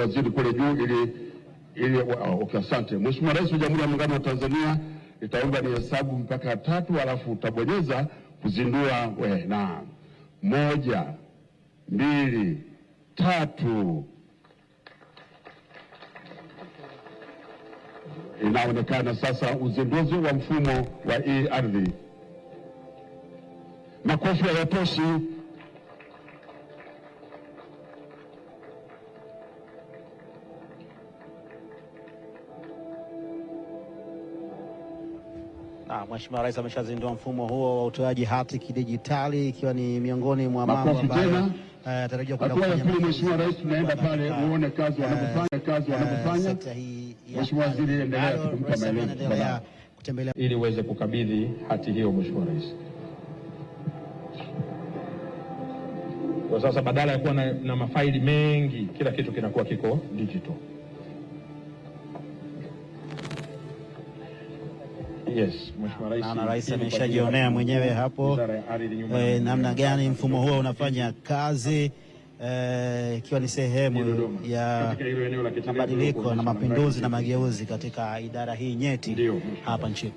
waziri kule juu ili, ili okay, asante. Mheshimiwa Rais wa Jamhuri ya Muungano wa Tanzania, nitaomba hesabu mpaka tatu halafu utabonyeza kuzindua we, na moja, mbili, tatu. Inaonekana sasa uzinduzi wa mfumo wa e-ardhi. Makofi hayatoshi. mweshimiwa ah, Mheshimiwa Rais ameshazindua mfumo huo wa utoaji hati kidijitali ikiwa ni miongoni mwa mambo ambayo eh, tarajiwa kwenda kufanya. Mheshimiwa Rais, pale uone kazi eh, kazi eh, Mheshimiwa Waziri, endelea kumpa maelezo kutembelea ili uweze kukabidhi hati hiyo Mheshimiwa Rais. Kwa sasa badala ya kuwa na, na mafaili mengi, kila kitu kinakuwa kiko digital. Yes, naona rais ameshajionea mwenyewe hapo e, namna gani mfumo huo unafanya kazi eh, ikiwa e, ni sehemu ya mabadiliko na mapinduzi na mageuzi katika idara hii nyeti Ndiyo, hapa nchini.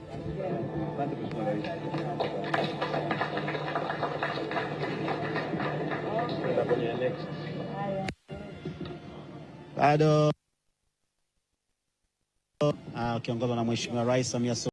Bado akiongozwa ah, na Mheshimiwa Rais Samia